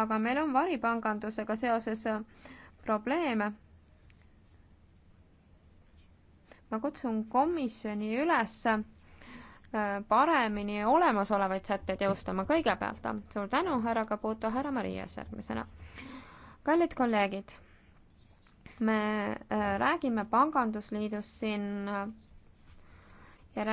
aga meil on varipangandusega seoses äh, probleeme. ma kutsun komisjoni üles äh, paremini olemasolevaid sätteid jõustama kõigepealt. suur tänu, härra Caputo, härra Marias järgmisena. kallid kolleegid, me äh, räägime pangandusliidust siin ja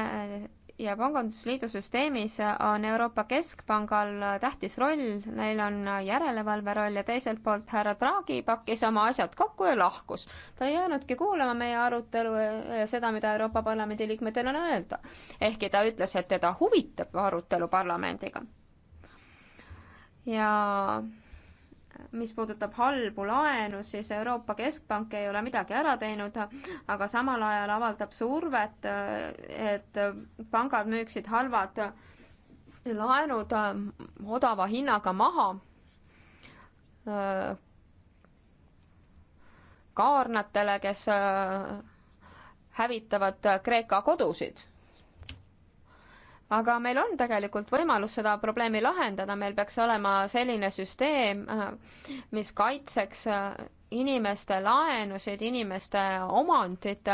ja Pangandusliidu süsteemis on Euroopa Keskpangal tähtis roll, neil on järelevalve roll ja teiselt poolt härra Draghi pakkis oma asjad kokku ja lahkus. ta ei jäänudki kuulama meie arutelu ja seda, mida Euroopa Parlamendi liikmetel on öelda. ehkki ta ütles, et teda huvitab arutelu parlamendiga. ja mis puudutab halbu laenu, siis Euroopa Keskpank ei ole midagi ära teinud, aga samal ajal avaldab survet, et pangad müüksid halvad laenud odava hinnaga maha. kaarnatele, kes hävitavad Kreeka kodusid aga meil on tegelikult võimalus seda probleemi lahendada, meil peaks olema selline süsteem, äh, mis kaitseks äh, inimeste laenusid, inimeste omandit.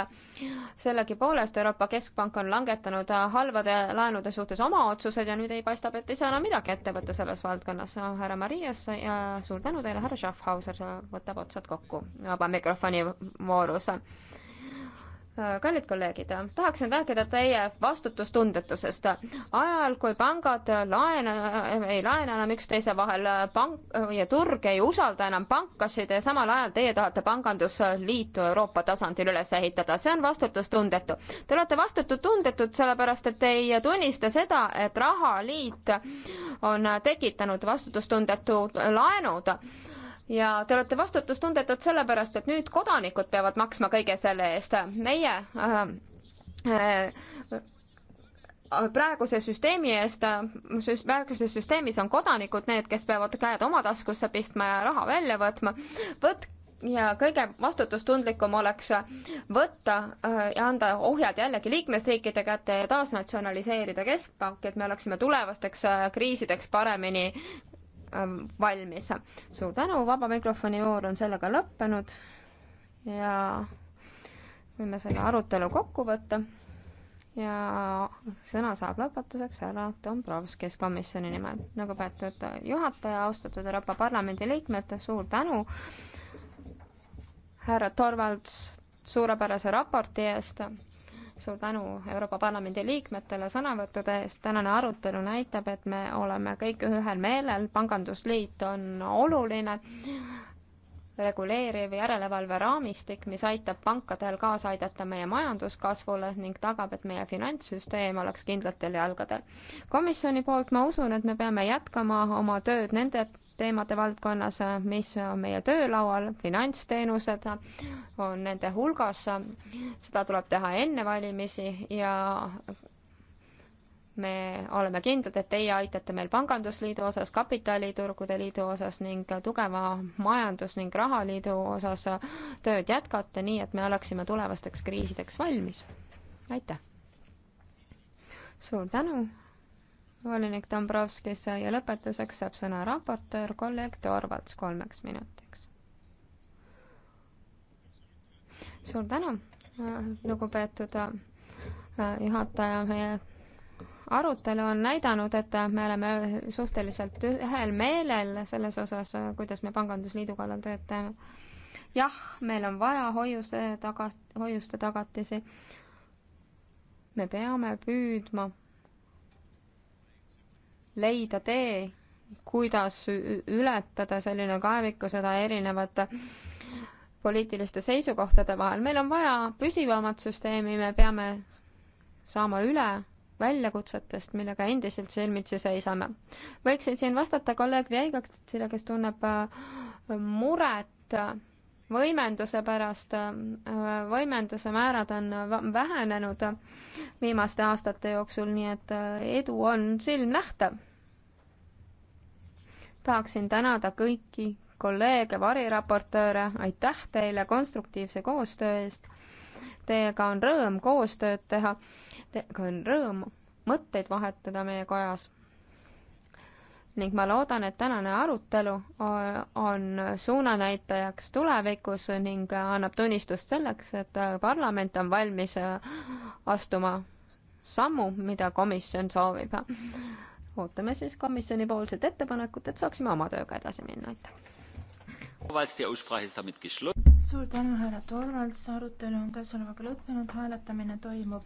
sellegipoolest Euroopa Keskpank on langetanud äh, halvade laenude suhtes oma otsused ja nüüd ei paistab, et ei saa enam midagi ette võtta selles valdkonnas. härra Marias ja suur tänu teile, härra Schaffhauser võtab otsad kokku vaba mikrofoni voorus. Äh, kallid kolleegid, tahaksin rääkida teie vastutustundetusest. ajal, kui pangad laena, ei laena enam üksteise vahel, pank ja turg ei usalda enam pankasid ja samal ajal teie tahate pangandusliitu Euroopa tasandil üles ehitada, see on vastutustundetu. Te olete vastutustundetud sellepärast, et te ei tunnista seda, et rahaliit on tekitanud vastutustundetud laenud ja te olete vastutustundetud sellepärast, et nüüd kodanikud peavad maksma kõige selle eest. meie äh, äh, praeguse süsteemi eest, praeguses süsteemis on kodanikud need, kes peavad käed oma taskusse pistma ja raha välja võtma. võtke ja kõige vastutustundlikum oleks võtta äh, ja anda ohjad jällegi liikmesriikide kätte ja taasnatsionaliseerida keskpank, et me oleksime tulevasteks äh, kriisideks paremini Ähm, valmis. suur tänu, vaba mikrofoni voor on sellega lõppenud ja võime selle arutelu kokku võtta. ja sõna saab lõpetuseks härra Dombrovskis komisjoni nimel. lugupeetud juhataja, austatud Euroopa Parlamendi liikmed, suur tänu härra Torvalds suurepärase raporti eest suur tänu Euroopa Parlamendi liikmetele sõnavõttude eest, tänane arutelu näitab, et me oleme kõik ühel meelel, pangandusliit on oluline reguleeriv järelevalveraamistik, mis aitab pankadel kaasa aidata meie majanduskasvule ning tagab, et meie finantssüsteem oleks kindlatel jalgadel. komisjoni poolt ma usun, et me peame jätkama oma tööd nende teemade valdkonnas, mis on meie töölaual, finantsteenused on nende hulgas, seda tuleb teha enne valimisi ja me oleme kindlad, et teie aitate meil Pangandusliidu osas, Kapitaliturgude Liidu osas ning tugeva majandus- ning rahaliidu osas tööd jätkata, nii et me oleksime tulevasteks kriisideks valmis. aitäh! suur tänu, volinik Dombrovskis ja lõpetuseks saab sõna raportöör kolleeg Torvalds kolmeks minutiks. suur tänu, lugupeetud äh, juhataja, meie arutelu on näidanud, et me oleme suhteliselt ühel meelel selles osas, kuidas me Pangandusliidu kallal tööd teeme. jah, meil on vaja hoiuse taga, hoiuste tagatisi. me peame püüdma leida tee, kuidas ületada selline kaevikusõda erinevate poliitiliste seisukohtade vahel. meil on vaja püsivamat süsteemi, me peame saama üle väljakutsetest, millega endiselt silmitsi seisame. võiksin siin vastata kolleeg Veigaksile, kes tunneb äh, muret võimenduse pärast, äh, võimenduse määrad on vähenenud viimaste aastate jooksul, nii et äh, edu on silmnähtav tahaksin tänada kõiki kolleege, variraportööre, aitäh teile konstruktiivse koostöö eest. Teiega on rõõm koostööd teha, teiega on rõõm mõtteid vahetada meie kojas. ning ma loodan, et tänane arutelu on suunanäitajaks tulevikus ning annab tunnistust selleks, et parlament on valmis astuma sammu, mida komisjon soovib ootame siis komisjonipoolset ettepanekut, et saaksime oma tööga edasi minna, aitäh. suur tänu, härra Torvalds, arutelu on käesolevaga lõppenud, hääletamine toimub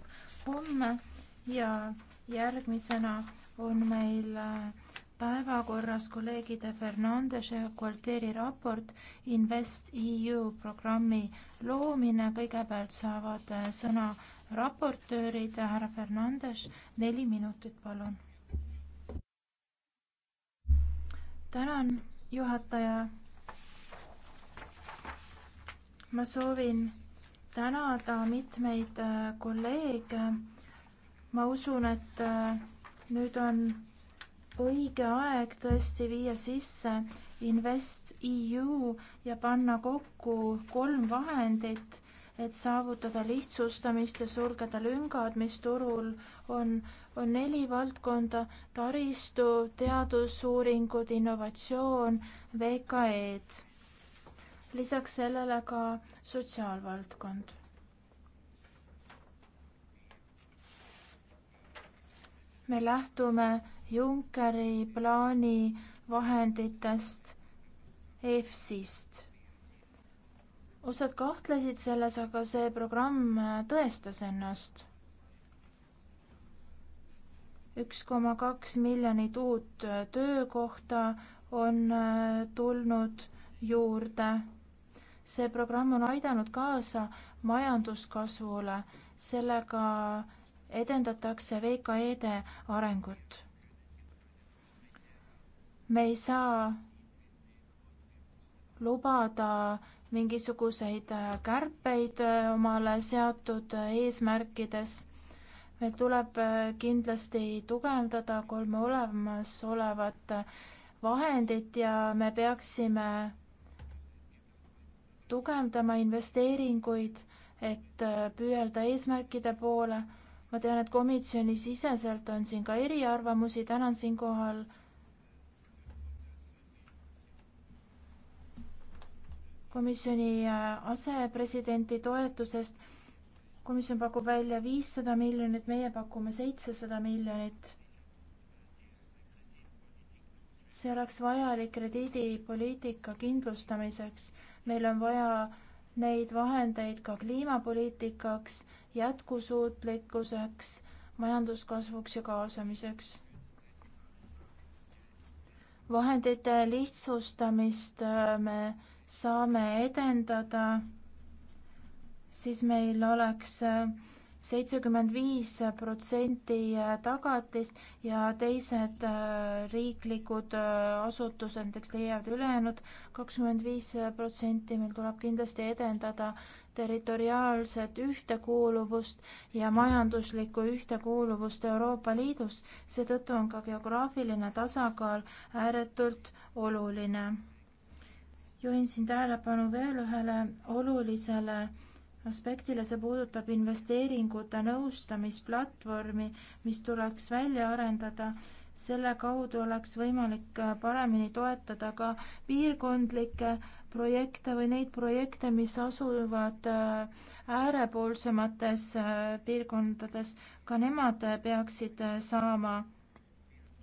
homme ja järgmisena on meil äh, päevakorras kolleegide Fernandese ja Gualtieri raport InvestEU programmi loomine. kõigepealt saavad äh, sõna raportöörid, härra Fernandes, neli minutit, palun tänan, juhataja. ma soovin tänada mitmeid äh, kolleege. ma usun, et äh, nüüd on õige aeg tõesti viia sisse InvestEU ja panna kokku kolm vahendit et saavutada lihtsustamist ja sulgeda lüngad, mis turul on, on neli valdkonda taristu, teadusuuringud, innovatsioon, VKE-d. lisaks sellele ka sotsiaalvaldkond. me lähtume Junckeri plaani vahenditest EFSist osad kahtlesid selles, aga see programm äh, tõestas ennast. üks koma kaks miljonit uut äh, töökohta on äh, tulnud juurde. see programm on aidanud kaasa majanduskasvule, sellega edendatakse VKE-de arengut. me ei saa lubada mingisuguseid äh, kärpeid äh, omale seatud äh, eesmärkides. meil tuleb kindlasti tugevdada kolme olemasolevat vahendit ja me peaksime tugevdama investeeringuid, et püüelda eesmärkide poole. ma tean, et komisjoni siseselt on siin ka eriarvamusi, tänan siinkohal komisjoni äh, asepresidenti toetusest. komisjon pakub välja viissada miljonit, meie pakume seitsesada miljonit. see oleks vajalik krediidipoliitika kindlustamiseks. meil on vaja neid vahendeid ka kliimapoliitikaks, jätkusuutlikkuseks, majanduskasvuks ja kaasamiseks vahendite lihtsustamist äh, me saame edendada, siis meil oleks äh, seitsekümmend viis protsenti äh, tagatist ja teised äh, riiklikud asutused näiteks leiavad ülejäänud kakskümmend viis protsenti. meil tuleb kindlasti edendada territoriaalset ühtekuuluvust ja majanduslikku ühtekuuluvust Euroopa Liidus, seetõttu on ka geograafiline tasakaal ääretult oluline juhin siin tähelepanu veel ühele olulisele aspektile, see puudutab investeeringute nõustamisplatvormi, mis tuleks välja arendada. selle kaudu oleks võimalik paremini toetada ka piirkondlikke projekte või neid projekte, mis asuvad äh, äärepoolsemates äh, piirkondades, ka nemad peaksid äh, saama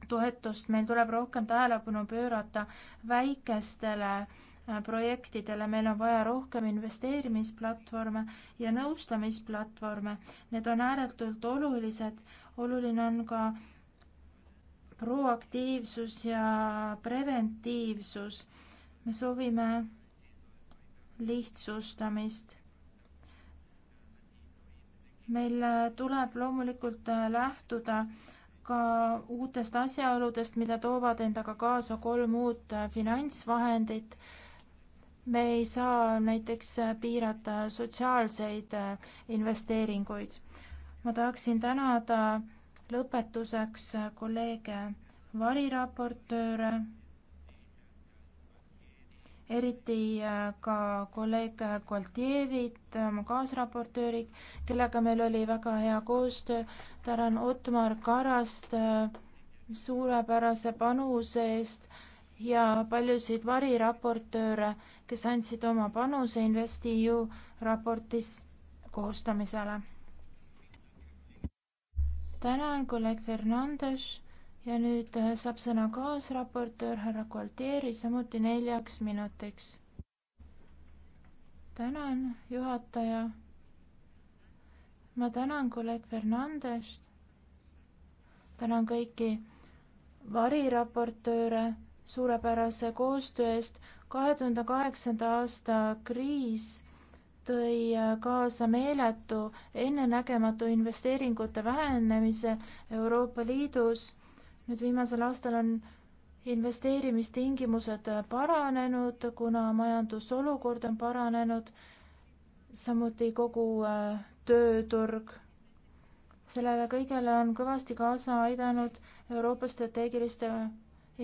toetust, meil tuleb rohkem tähelepanu pöörata väikestele Äh, projektidele, meil on vaja rohkem investeerimisplatvorme ja nõustamisplatvorme. Need on ääretult olulised, oluline on ka proaktiivsus ja preventiivsus. me soovime lihtsustamist. meil äh, tuleb loomulikult äh, lähtuda ka uutest asjaoludest, mida toovad endaga kaasa kolm uut finantsvahendit me ei saa näiteks piirata sotsiaalseid äh, investeeringuid. ma tahaksin tänada lõpetuseks äh, kolleege variraportööre, eriti äh, ka kolleeg Gualtierit, oma kaasraportööri, kellega meil oli väga hea koostöö. tänan Otmar Karast suurepärase panuse eest ja paljusid variraportööre, kes andsid oma panuse InvestEU raportis koostamisele. tänan kolleeg Fernandes ja nüüd äh, saab sõna kaasraportöör härra Gualtieri samuti neljaks minutiks. tänan, juhataja. ma tänan kolleeg Fernandest. tänan kõiki variraportööre suurepärase koostöö eest. kahe tuhande kaheksanda aasta kriis tõi äh, kaasa meeletu ennenägematu investeeringute vähenemise Euroopa Liidus. nüüd viimasel aastal on investeerimistingimused äh, paranenud, kuna majandusolukord on paranenud, samuti kogu äh, tööturg. sellele kõigele on kõvasti kaasa aidanud Euroopa strateegiliste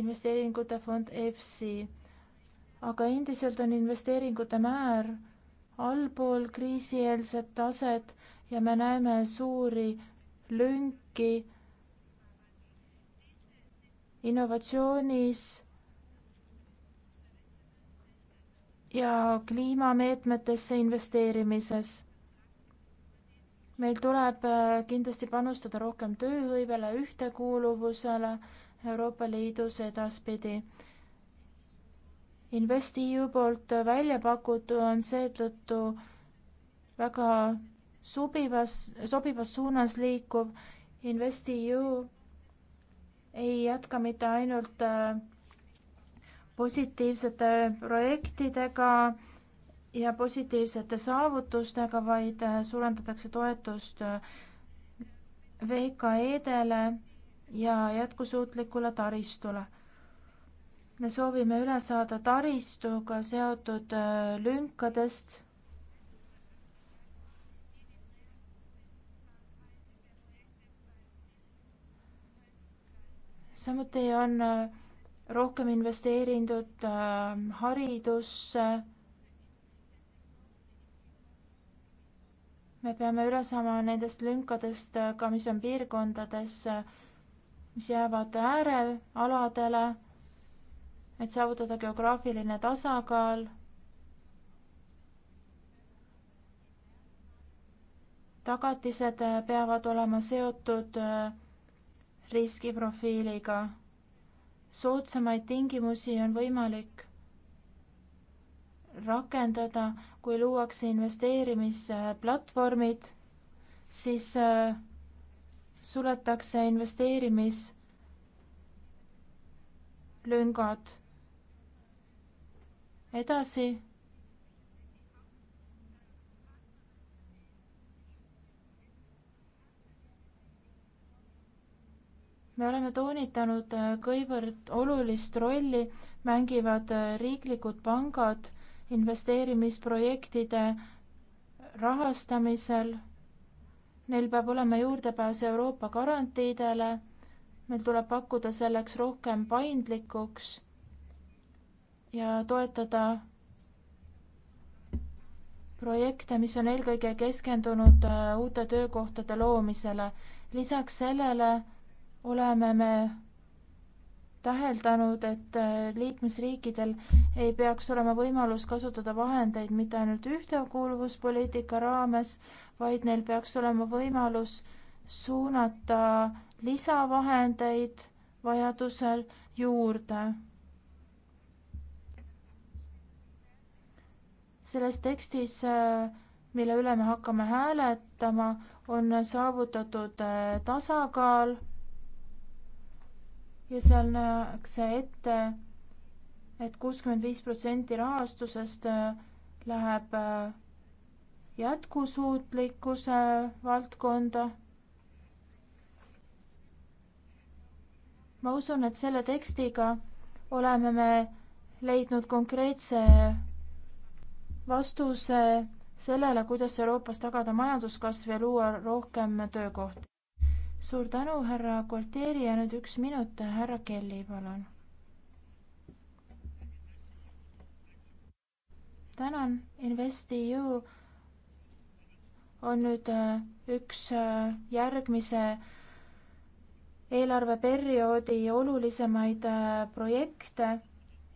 investeeringute fond EFSI. aga endiselt on investeeringute määr allpool kriisieelset taset ja me näeme suuri lünki innovatsioonis ja kliimameetmetesse investeerimises meil tuleb kindlasti panustada rohkem tööhõivele ühtekuuluvusele Euroopa Liidus edaspidi. InvestEU poolt välja pakutu on seetõttu väga sobivas, sobivas suunas liikuv. InvestEU ei jätka mitte ainult äh, positiivsete projektidega ja positiivsete saavutustega, vaid äh, suurendatakse toetust äh, VKE-dele ja jätkusuutlikule taristule. me soovime üle saada taristuga seotud äh, lünkadest. samuti on äh, rohkem investeeritud äh, haridusse me peame üle saama nendest lünkadest ka, mis on piirkondades, mis jäävad äärealadele, et saavutada geograafiline tasakaal. tagatised peavad olema seotud äh, riskiprofiiliga. soodsamaid tingimusi on võimalik rakendada, kui luuakse investeerimisplatvormid, siis äh, suletakse investeerimislüngad. edasi. me oleme toonitanud, äh, kuivõrd olulist rolli mängivad äh, riiklikud pangad investeerimisprojektide rahastamisel neil peab olema juurdepääs euroopa garantiidele meil tuleb pakkuda selleks rohkem paindlikkuks ja toetada projekte mis on eelkõige keskendunud äh, uute töökohtade loomisele lisaks sellele oleme me täheldanud, et äh, liikmesriikidel ei peaks olema võimalus kasutada vahendeid mitte ainult ühtekuuluvuspoliitika raames, vaid neil peaks olema võimalus suunata lisavahendeid vajadusel juurde. selles tekstis, äh, mille üle me hakkame hääletama, on saavutatud äh, tasakaal ja seal nähakse ette et kuuskümmend viis protsenti rahastusest äh, läheb äh, jätkusuutlikkuse valdkonda. ma usun, et selle tekstiga oleme me leidnud konkreetse vastuse sellele, kuidas Euroopas tagada majanduskasv ja luua rohkem töökohti suur tänu, härra Gualtieri ja nüüd üks minut, härra Kelly, palun. tänan, InvestEU on nüüd äh, üks äh, järgmise eelarveperioodi olulisemaid äh, projekte.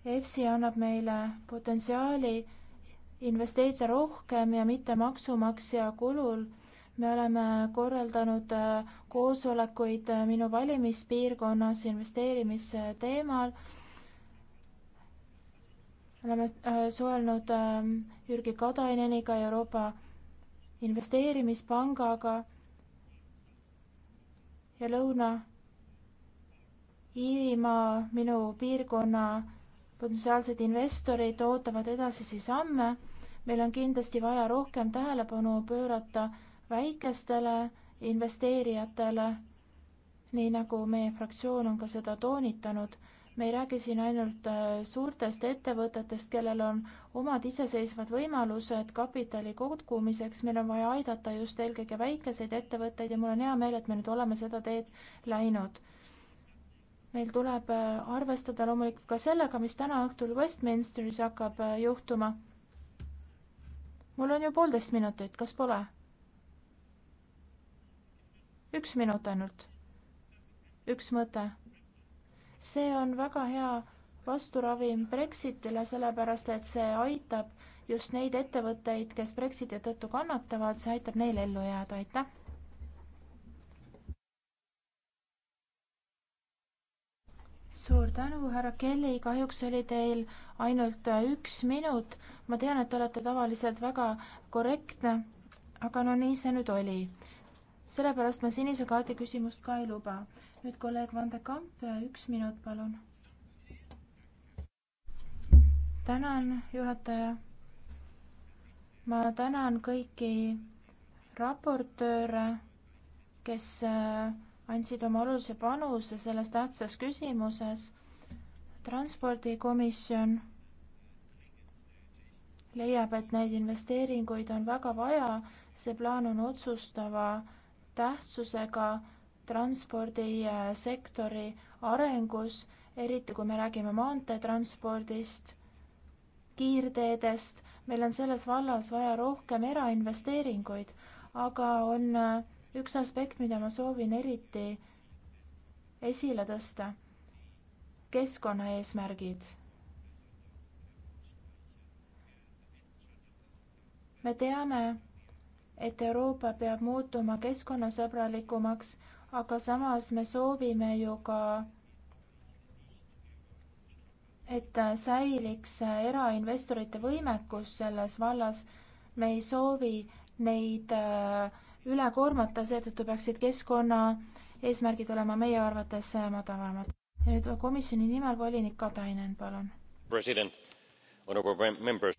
EFSI annab meile potentsiaali investeerida rohkem ja mitte maksumaksja kulul me oleme korraldanud äh, koosolekuid äh, minu valimispiirkonnas investeerimise teemal. oleme äh, suhelnud Jürgi Kataineniga, Euroopa Investeerimispangaga ja Lõuna-Iirimaa, minu piirkonna potentsiaalsed investorid ootavad edasisi samme. meil on kindlasti vaja rohkem tähelepanu pöörata väikestele investeerijatele, nii nagu meie fraktsioon on ka seda toonitanud, me ei räägi siin ainult äh, suurtest ettevõtetest, kellel on omad iseseisvad võimalused kapitali kogumiseks, meil on vaja aidata just eelkõige väikeseid ettevõtteid ja mul on hea meel, et me nüüd oleme seda teed läinud. meil tuleb äh, arvestada loomulikult ka sellega, mis täna õhtul Westminsteris hakkab äh, juhtuma. mul on ju poolteist minutit, kas pole? üks minut ainult. üks mõte. see on väga hea vasturavim Brexitile, sellepärast et see aitab just neid ettevõtteid, kes Brexiti tõttu kannatavad, see aitab neil ellu jääda, aitäh. suur tänu, härra Kelly, kahjuks oli teil ainult äh, üks minut. ma tean, et te olete tavaliselt väga korrektne, aga no nii see nüüd oli sellepärast ma sinise kaardi küsimust ka ei luba. nüüd kolleeg Van de Kamp, üks minut, palun. tänan, juhataja. ma tänan kõiki raportööre, kes äh, andsid oma olulise panuse selles tähtsas küsimuses. transpordikomisjon leiab, et neid investeeringuid on väga vaja, see plaan on otsustava tähtsusega transpordisektori arengus eriti kui me räägime maanteetranspordist kiirteedest meil on selles vallas vaja rohkem erainvesteeringuid aga on äh, üks aspekt mida ma soovin eriti esile tõsta keskkonnaeesmärgid me teame et Euroopa peab muutuma keskkonnasõbralikumaks, aga samas me soovime ju ka, et säiliks erainvestorite võimekus selles vallas. me ei soovi neid äh, üle koormata, seetõttu peaksid keskkonna eesmärgid olema meie arvates äh, madalamad. ja nüüd komisjoni nimel volinik Katainen, palun. president, honorable members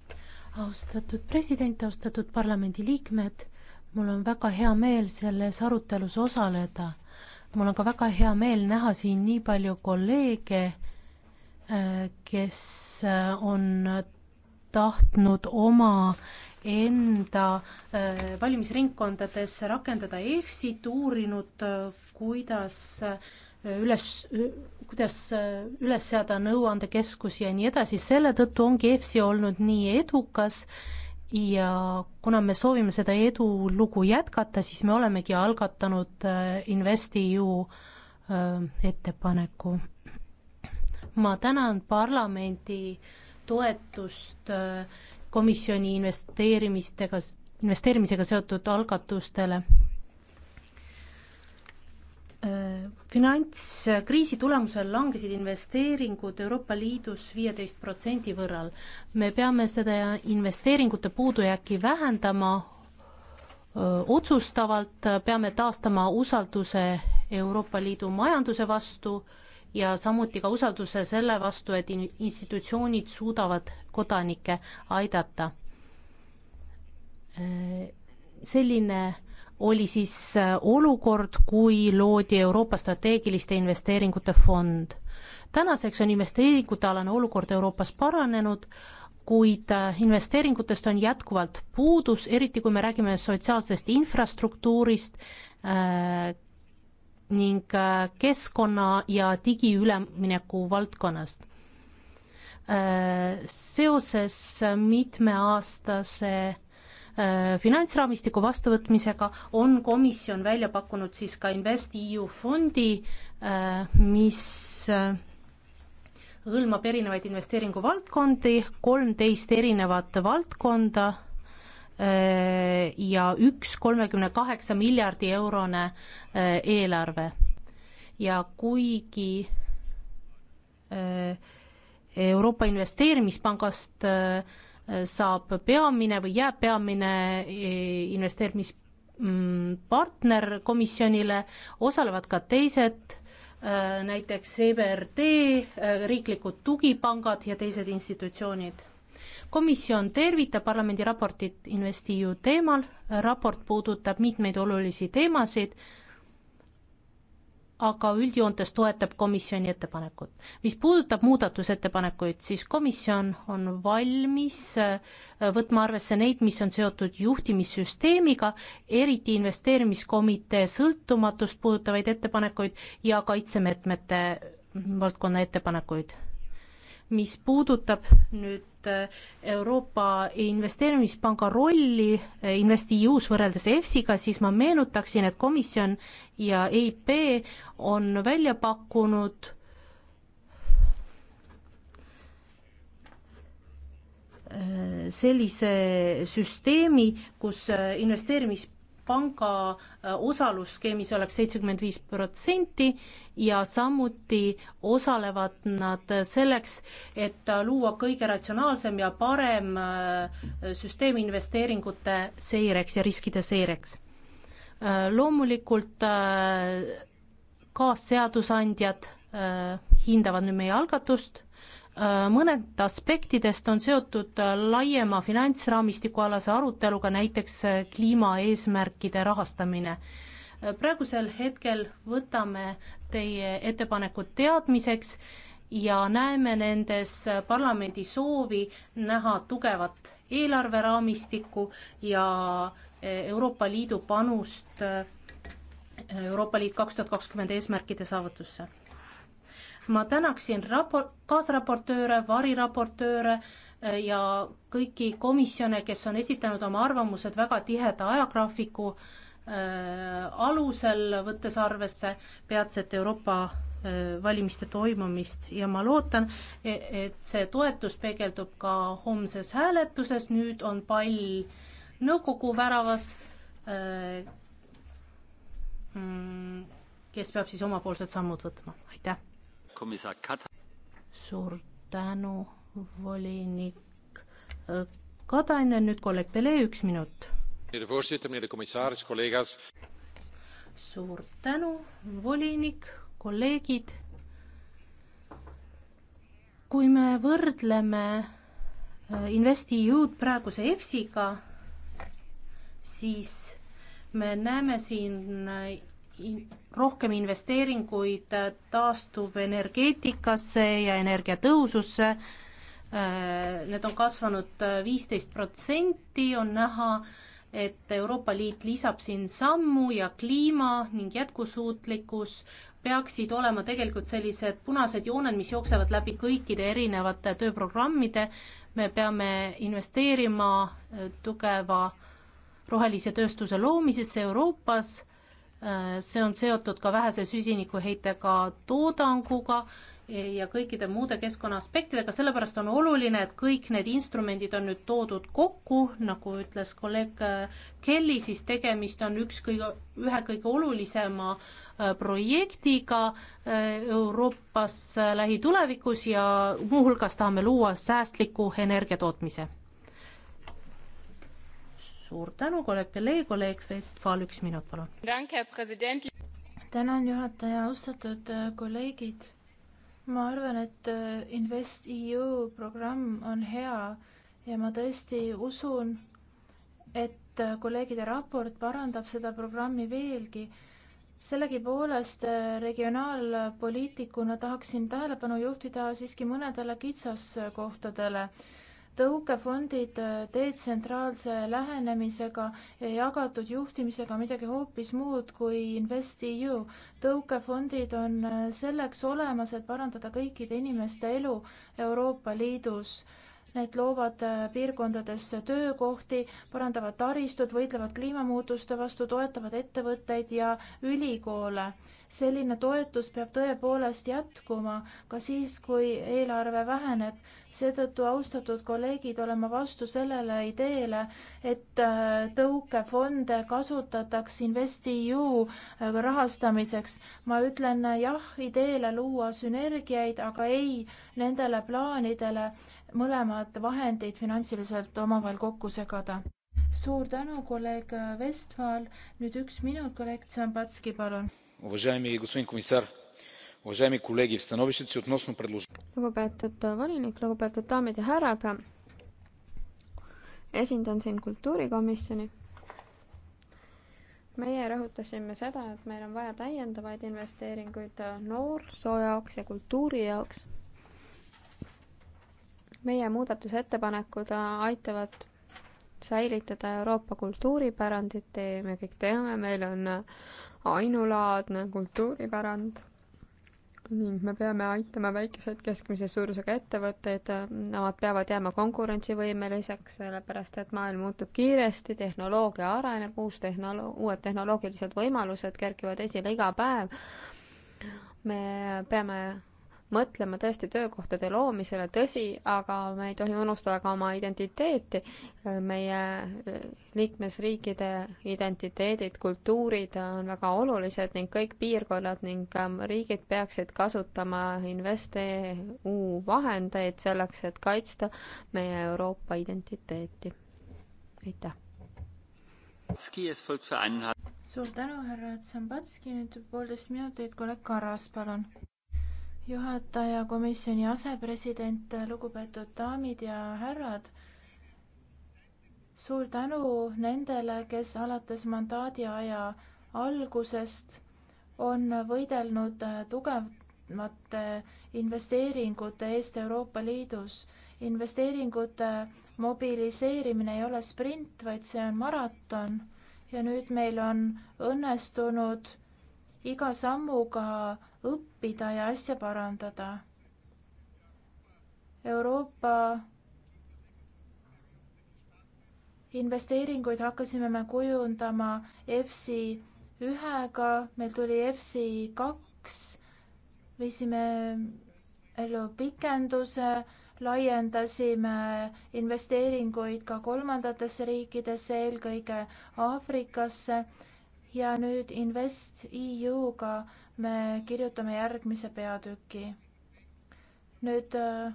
austatud president, austatud parlamendi liikmed mul on väga hea meel selles arutelus osaleda. mul on ka väga hea meel näha siin nii palju kolleege, äh, kes äh, on tahtnud oma enda äh, valimisringkondades rakendada EFSit, uurinud, kuidas üles, kuidas üles seada nõuandekeskusi ja nii edasi, selle tõttu ongi EFSi olnud nii edukas ja kuna me soovime seda edulugu jätkata, siis me olemegi algatanud äh, InvestEU äh, ettepaneku. ma tänan parlamendi toetust äh, komisjoni investeerimistega, investeerimisega seotud algatustele finantskriisi tulemusel langesid investeeringud Euroopa Liidus viieteist protsendi võrral. me peame seda investeeringute puudujääki vähendama öö, otsustavalt, peame taastama usalduse Euroopa Liidu majanduse vastu ja samuti ka usalduse selle vastu, et in-, institutsioonid suudavad kodanikke aidata. selline oli siis äh, olukord, kui loodi Euroopa strateegiliste investeeringute fond. tänaseks on investeeringute alane olukord Euroopas paranenud, kuid äh, investeeringutest on jätkuvalt puudus, eriti kui me räägime sotsiaalsest infrastruktuurist äh, ning äh, keskkonna ja digiülemineku valdkonnast äh,. seoses mitmeaastase Äh, finantsraamistiku vastuvõtmisega on komisjon välja pakkunud siis ka InvestEU fondi, äh, mis äh, hõlmab erinevaid investeeringuvaldkondi, kolmteist erinevat valdkonda ja üks kolmekümne kaheksa miljardi eurone eelarve. ja kuigi Euroopa Investeerimispangast äh, saab peamine või jääb peamine e, investeerimispartner komisjonile, osalevad ka teised, e, näiteks EBRD, e, riiklikud tugipangad ja teised institutsioonid. komisjon tervitab parlamendi raportit InvestEU teemal, raport puudutab mitmeid olulisi teemasid aga üldjoontes toetab komisjoni ettepanekut. mis puudutab muudatusettepanekuid, siis komisjon on valmis äh, võtma arvesse neid, mis on seotud juhtimissüsteemiga, eriti investeerimiskomitee sõltumatust puudutavaid ettepanekuid ja kaitsemeetmete valdkonna ettepanekuid. mis puudutab nüüd Eh, Euroopa Investeerimispanga rolli eh, InvestEU-s võrreldes EFSiga, siis ma meenutaksin, et komisjon ja EIP on välja pakkunud eh, sellise süsteemi, kus investeerimis panga äh, osalusskeemis oleks seitsekümmend viis protsenti ja samuti osalevad nad selleks, et luua kõige ratsionaalsem ja parem äh, süsteem investeeringute seireks ja riskide seireks. Äh, loomulikult kaasseadusandjad hindavad nüüd meie algatust Äh, mõned aspektidest on seotud äh, laiema finantsraamistiku alase aruteluga, näiteks äh, kliimaeesmärkide rahastamine. praegusel hetkel võtame teie ettepanekud teadmiseks ja näeme nendes parlamendi soovi näha tugevat eelarveraamistikku ja Euroopa Liidu panust Euroopa Liit kaks tuhat kakskümmend eesmärkide saavutusse ma tänaksin rapor-, kaasraportööre, variraportööre eh, ja kõiki komisjone, kes on esitanud oma arvamused väga tiheda ajagraafiku äh, alusel, võttes arvesse peatset Euroopa eh, valimiste toimumist ja ma loodan, e-, et see toetus peegeldub ka homses hääletuses, nüüd on pall nõukogu väravas, mm, kes peab siis omapoolsed sammud võtma, aitäh! suur tänu, volinik äh, Katainen, nüüd kolleeg Pele, üks minut. suur tänu, volinik, kolleegid. kui me võrdleme äh, InvestEU-d praeguse EFSiga, siis me näeme siin äh, in rohkem investeeringuid taastuvenergeetikasse ja energiatõususse. Äh, need on kasvanud äh, viisteist protsenti, on näha, et Euroopa Liit lisab siin sammu ja kliima ning jätkusuutlikkus peaksid olema tegelikult sellised punased jooned, mis jooksevad läbi kõikide erinevate tööprogrammide. me peame investeerima äh, tugeva rohelise tööstuse loomisesse Euroopas Äh, see on seotud ka vähese süsinikuheitega toodanguga ja kõikide muude keskkonnaaspektidega, sellepärast on oluline, et kõik need instrumendid on nüüd toodud kokku, nagu ütles kolleeg äh, Kelly, siis tegemist on üks kõige, ühe kõige olulisema äh, projektiga Euroopas lähitulevikus ja muuhulgas tahame luua säästliku energiatootmise suur tänu, kolleeg Pele, kolleeg Festval, üks minut, palun. tänan, juhataja, austatud äh, kolleegid. ma arvan, et äh, InvestEU programm on hea ja ma tõesti usun, et äh, kolleegide raport parandab seda programmi veelgi sellegipoolest regionaalpoliitikuna tahaksin tähelepanu juhtida siiski mõnedele kitsaskohtadele tõukefondid äh, detsentraalse lähenemisega ja jagatud juhtimisega on midagi hoopis muud kui investeu tõukefondid on äh, selleks olemas et parandada kõikide inimeste elu euroopa liidus Need loovad äh, piirkondades töökohti, parandavad taristut, võitlevad kliimamuutuste vastu, toetavad ettevõtteid ja ülikoole. selline toetus peab tõepoolest jätkuma ka siis, kui eelarve väheneb. seetõttu, austatud kolleegid, olen ma vastu sellele ideele, et äh, tõukefonde kasutataks InvestEU äh, rahastamiseks. ma ütlen jah ideele luua sünergiaid, aga ei nendele plaanidele, mõlemad vahendid finantsiliselt omavahel kokku segada. suur tänu, kolleeg Vestfal. nüüd üks minut, kolleeg Tsambatski, palun. lugupeetud volinik, lugupeetud daamid ja härrad. esindan siin kultuurikomisjoni meie rõhutasime seda, et meil on vaja täiendavaid investeeringuid noorsoo jaoks ja kultuuri jaoks meie muudatusettepanekud äh, aitavad säilitada Euroopa kultuuripärandit, me kõik teame, meil on äh, ainulaadne kultuuripärand ning me peame aitama väikeseid keskmise suurusega ettevõtteid, äh, nemad peavad jääma konkurentsivõimeliseks, sellepärast et maailm muutub kiiresti, tehnoloogia areneb, uus tehnolo-, uued tehnoloogilised võimalused kerkivad esile iga päev. me peame mõtlema tõesti töökohtade loomisele, tõsi, aga me ei tohi unustada ka oma identiteeti, äh, meie äh, liikmesriikide identiteedid, kultuurid on väga olulised ning kõik piirkonnad ning ähm, riigid peaksid kasutama InvestEU vahendeid selleks, et kaitsta meie Euroopa identiteeti. aitäh! suur tänu, härra Tsambatski, nüüd poolteist minutit, kolleeg Karras, palun juhataja, komisjoni asepresident, lugupeetud daamid ja härrad. suur tänu nendele, kes alates mandaadi aja algusest on võidelnud äh, tugevamate investeeringute eest Euroopa Liidus. investeeringute mobiliseerimine ei ole sprint, vaid see on maraton ja nüüd meil on õnnestunud iga sammuga õppida ja asja parandada. Euroopa investeeringuid hakkasime me kujundama EFSI ühega, meil tuli EFSI kaks, viisime ellu pikenduse laiendasime investeeringuid ka kolmandatesse riikidesse, eelkõige Aafrikasse ja nüüd InvestEU-ga me kirjutame järgmise peatüki. nüüd äh,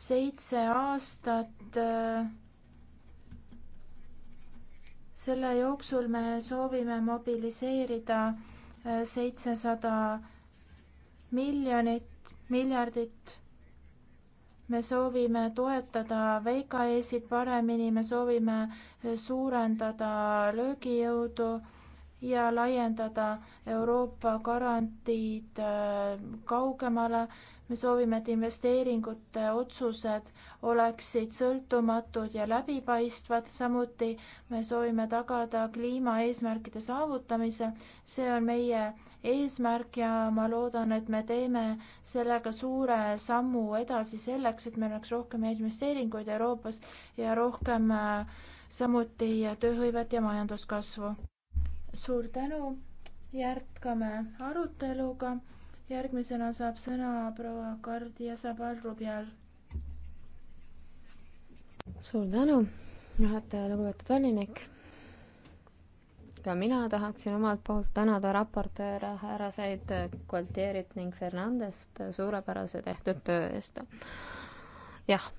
seitse aastat äh, selle jooksul me soovime mobiliseerida äh, seitsesada miljonit, miljardit. me soovime toetada VKE-sid paremini, me soovime suurendada löögijõudu ja laiendada Euroopa garantiid äh, kaugemale. me soovime, et investeeringute otsused oleksid sõltumatud ja läbipaistvad, samuti me soovime tagada kliimaeesmärkide saavutamise. see on meie eesmärk ja ma loodan, et me teeme sellega suure sammu edasi selleks, et meil oleks rohkem investeeringuid Euroopas ja rohkem äh, samuti tööhõivet ja majanduskasvu suur tänu, jätkame aruteluga. järgmisena saab sõna proua Kardia Sabal-Rubjal. suur tänu, juhataja, lugupeetud volinik. ka mina tahaksin omalt poolt tänada raportööre härraseid Gualtierit ning Fernandest suurepärase tehtud töö eest. jah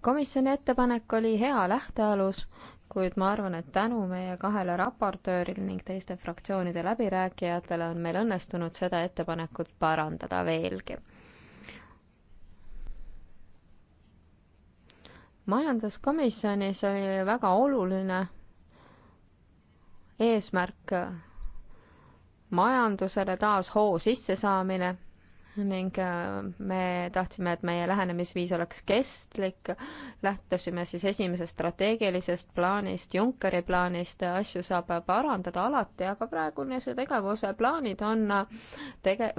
komisjoni ettepanek oli hea lähtealus kuid ma arvan, et tänu meie kahele raportöörile ning teiste fraktsioonide läbirääkijatele on meil õnnestunud seda ettepanekut parandada veelgi. majanduskomisjonis oli väga oluline eesmärk majandusele taas hoo sissesaamine ning äh, me tahtsime, et meie lähenemisviis oleks kestlik, lähtusime siis esimesest strateegilisest plaanist, Junckeri plaanist, asju saab parandada alati, aga praegune see tegevuse plaanid on tege-,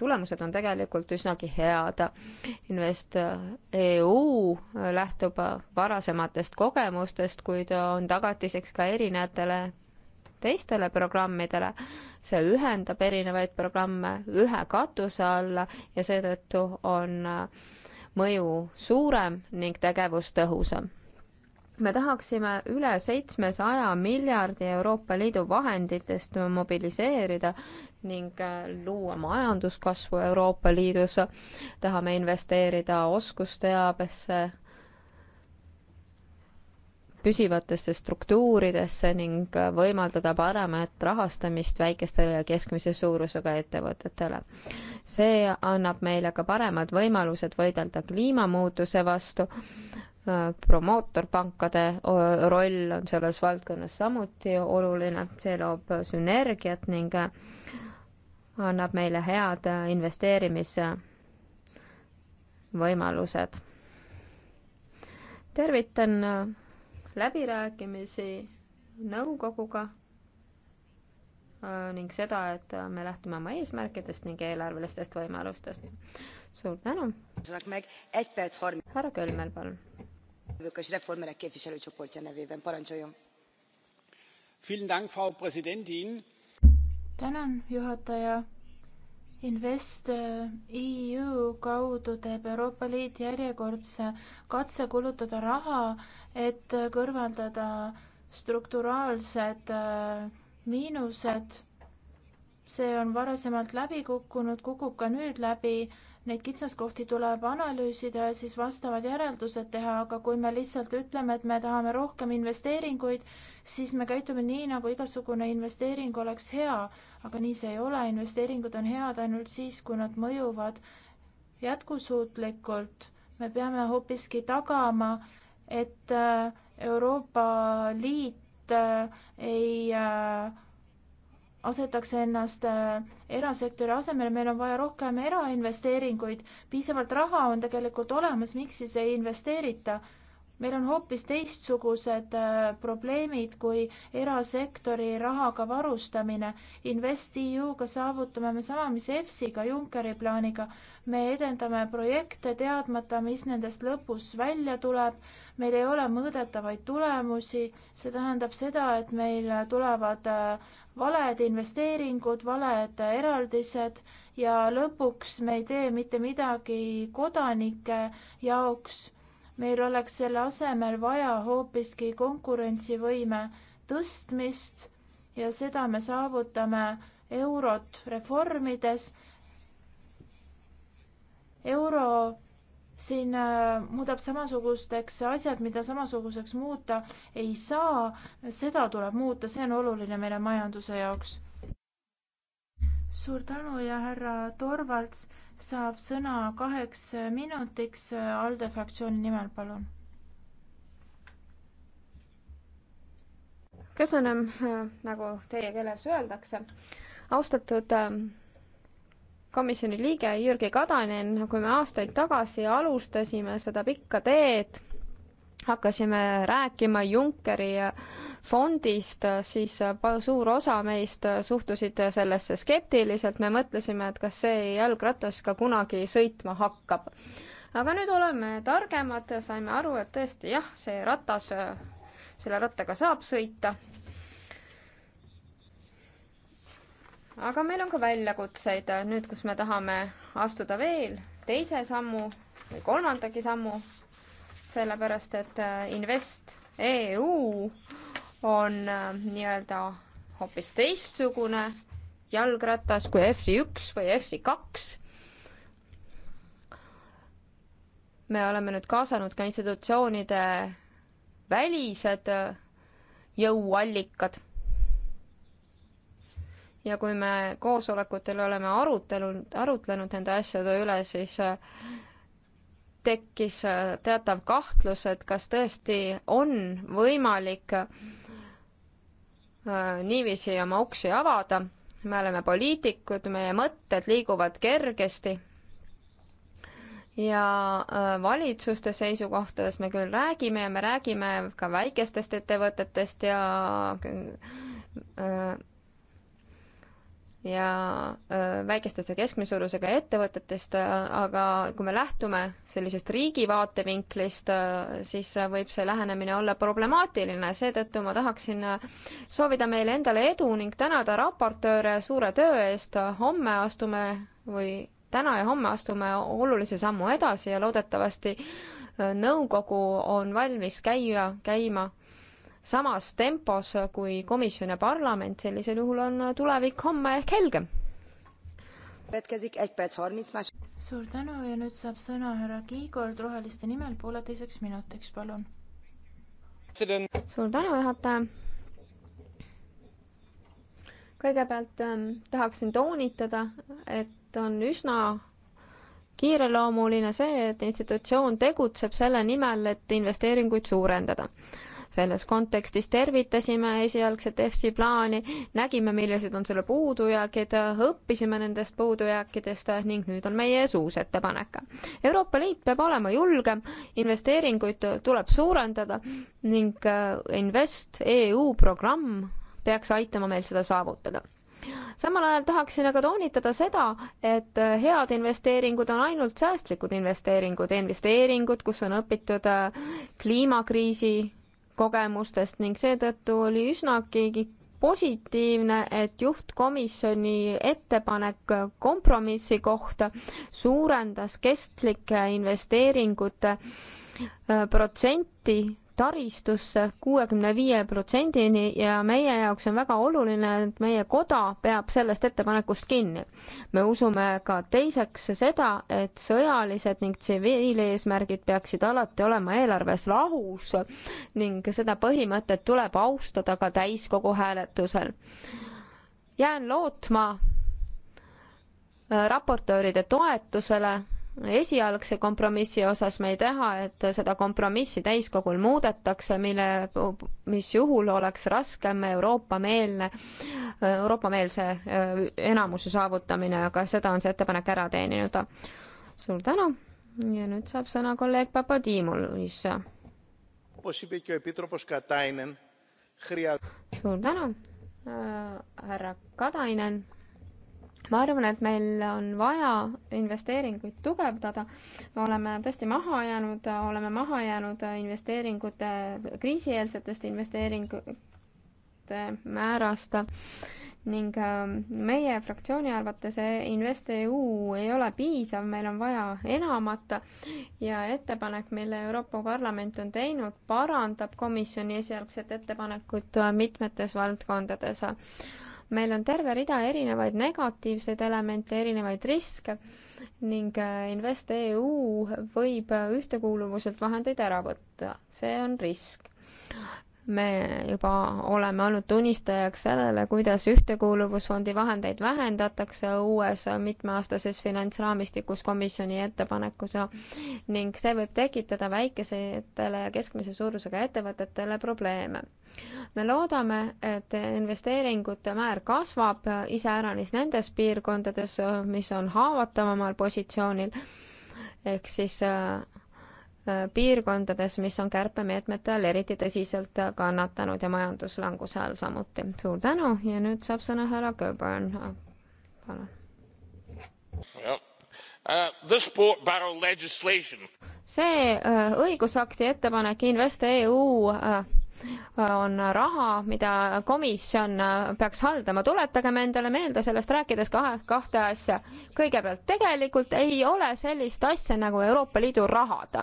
tulemused on tegelikult üsnagi head. Invest EU lähtub varasematest kogemustest, kuid on tagatiseks ka erinevatele teistele programmidele. see ühendab erinevaid programme ühe katuse alla ja seetõttu on äh, mõju suurem ning tegevus tõhusam me tahaksime üle seitsmesaja miljardi Euroopa Liidu vahenditest mobiliseerida ning äh, luua majanduskasvu Euroopa Liidus. tahame investeerida oskusteabesse püsivatesse struktuuridesse ning võimaldada paremat rahastamist väikestele ja keskmise suurusega ettevõtetele. see annab meile ka paremad võimalused võidelda kliimamuutuse vastu, promootorpankade roll on selles valdkonnas samuti oluline, see loob sünergiat ning annab meile head investeerimisvõimalused tervitan läbirääkimisi nõukoguga äh, ning seda, et me lähtume oma eesmärkidest ning eelarvelistest võimalustest. suur tänu. härra Kölmel, palun. tänan, juhataja investeu kaudu teeb euroopa liit järjekordse katse kulutada raha et kõrvaldada strukturaalsed äh, miinused see on varasemalt läbi kukkunud kukub ka nüüd läbi neid kitsaskohti tuleb analüüsida ja siis vastavad järeldused teha aga kui me lihtsalt ütleme et me tahame rohkem investeeringuid siis me käitume nii nagu igasugune investeering oleks hea aga nii see ei ole, investeeringud on head ainult siis, kui nad mõjuvad jätkusuutlikult. me peame hoopiski tagama, et äh, Euroopa Liit äh, ei äh, asetaks ennast erasektori asemele, meil on vaja rohkem erainvesteeringuid, piisavalt raha on tegelikult olemas, miks siis ei investeerita meil on hoopis teistsugused äh, probleemid kui erasektori rahaga varustamine. InvestEU-ga saavutame me sama, mis EFSI-ga, Junckeri plaaniga. me edendame projekte, teadmata, mis nendest lõpus välja tuleb. meil ei ole mõõdetavaid tulemusi, see tähendab seda, et meil tulevad äh, valed investeeringud, valed eraldised ja lõpuks me ei tee mitte midagi kodanike jaoks meil oleks selle asemel vaja hoopiski konkurentsivõime tõstmist ja seda me saavutame eurot reformides. euro siin äh, muudab samasugusteks asjad, mida samasuguseks muuta ei saa, seda tuleb muuta, see on oluline meile majanduse jaoks. suur tänu ja härra Torvalds saab sõna kaheks minutiks ALDE fraktsiooni nimel, palun. köszönöm, nagu teie keeles öeldakse. austatud ähm, komisjoni liige Jürgi Kadanen, kui me aastaid tagasi alustasime seda pikka teed hakkasime rääkima Junckeri fondist, siis suur osa meist suhtusid sellesse skeptiliselt, me mõtlesime, et kas see jalgratas ka kunagi sõitma hakkab. aga nüüd oleme targemad, saime aru, et tõesti jah, see ratas, selle rattaga saab sõita. aga meil on ka väljakutseid nüüd, kus me tahame astuda veel teise sammu või kolmandagi sammu sellepärast et äh, InvestEU on äh, nii-öelda hoopis teistsugune jalgratas kui EFSI üks või EFSI kaks. me oleme nüüd kaasanud ka institutsioonide välised äh, jõuallikad. ja kui me koosolekutel oleme arutelul, arutlenud nende asjade üle, siis tekkis äh, teatav kahtlus, et kas tõesti on võimalik äh, niiviisi oma uksi avada. me oleme poliitikud, meie mõtted liiguvad kergesti. ja äh, valitsuste seisukohtadest me küll räägime ja me räägime ka väikestest ettevõtetest ja ja väikestest ja keskmise suurusega ettevõtetest, aga kui me lähtume sellisest riigi vaatevinklist, siis võib see lähenemine olla problemaatiline, seetõttu ma tahaksin soovida meile endale edu ning tänada raportööre suure töö eest, homme astume või täna ja homme astume olulise sammu edasi ja loodetavasti nõukogu on valmis käia, käima samas tempos kui komisjon ja parlament, sellisel juhul on tulevik homme ehk helgem. suur tänu ja nüüd saab sõna härra Kiigold Roheliste nimel pooleteiseks minutiks, palun. suur tänu, juhataja. kõigepealt ähm, tahaksin toonitada, et on üsna kiireloomuline see, et institutsioon tegutseb selle nimel, et investeeringuid suurendada selles kontekstis tervitasime esialgset EFSI plaani, nägime, millised on selle puudujäägid, õppisime nendest puudujääkidest ning nüüd on meie ees uus ettepanek. Euroopa Liit peab olema julgem, investeeringuid tuleb suurendada ning äh, Invest EU programm peaks aitama meil seda saavutada samal ajal tahaksin aga toonitada seda, et äh, head investeeringud on ainult säästlikud investeeringud, investeeringud, kus on õpitud äh, kliimakriisi kogemustest ning seetõttu oli üsnagi positiivne, et juhtkomisjoni ettepanek kompromissi kohta suurendas kestlike investeeringute äh, protsenti taristusse kuuekümne viie protsendini ja meie jaoks on väga oluline, et meie koda peab sellest ettepanekust kinni. me usume ka teiseks seda, et sõjalised ning tsiviileesmärgid peaksid alati olema eelarves lahus ning seda põhimõtet tuleb austada ka täiskogu hääletusel. jään lootma raportööride toetusele esialgse kompromissi osas me ei taha, et seda kompromissi täiskogul muudetakse, mille, mis juhul oleks raskem Euroopa-meelne, Euroopa-meelse äh, enamuse saavutamine, aga seda on see ettepanek ära teeninud. suur tänu ja nüüd saab sõna kolleeg Papadimulis. suur tänu, äh, härra Katainen ma arvan, et meil on vaja investeeringuid tugevdada, me oleme tõesti maha jäänud, oleme maha jäänud investeeringute, kriisieelsetest investeeringute määrast ning ähm, meie fraktsiooni arvates InvestEU ei ole piisav, meil on vaja enamat ja ettepanek, mille Euroopa Parlament on teinud, parandab komisjoni esialgset ettepanekut mitmetes valdkondades meil on terve rida erinevaid negatiivseid elemente, erinevaid riske ning äh, InvestEU võib ühtekuuluvuselt vahendeid ära võtta, see on risk me juba oleme olnud tunnistajaks sellele, kuidas Ühtekuuluvusfondi vahendeid vähendatakse uues mitmeaastases finantsraamistikus komisjoni ettepanekus ning see võib tekitada väikesetele ja keskmise suurusega ettevõtetele probleeme. me loodame, et investeeringute määr kasvab iseäranis nendes piirkondades, mis on haavatavamal positsioonil, ehk siis äh, piirkondades, mis on kärpemeetmete all eriti tõsiselt kannatanud ja majanduslanguse all samuti. suur tänu ja nüüd saab sõna härra Coburn, palun. Uh, see uh, õigusakti ettepanek InvestEU uh, on raha, mida komisjon peaks haldama. tuletagem endale meelde sellest rääkides kahe, kahte asja. kõigepealt, tegelikult ei ole sellist asja nagu Euroopa Liidu rahad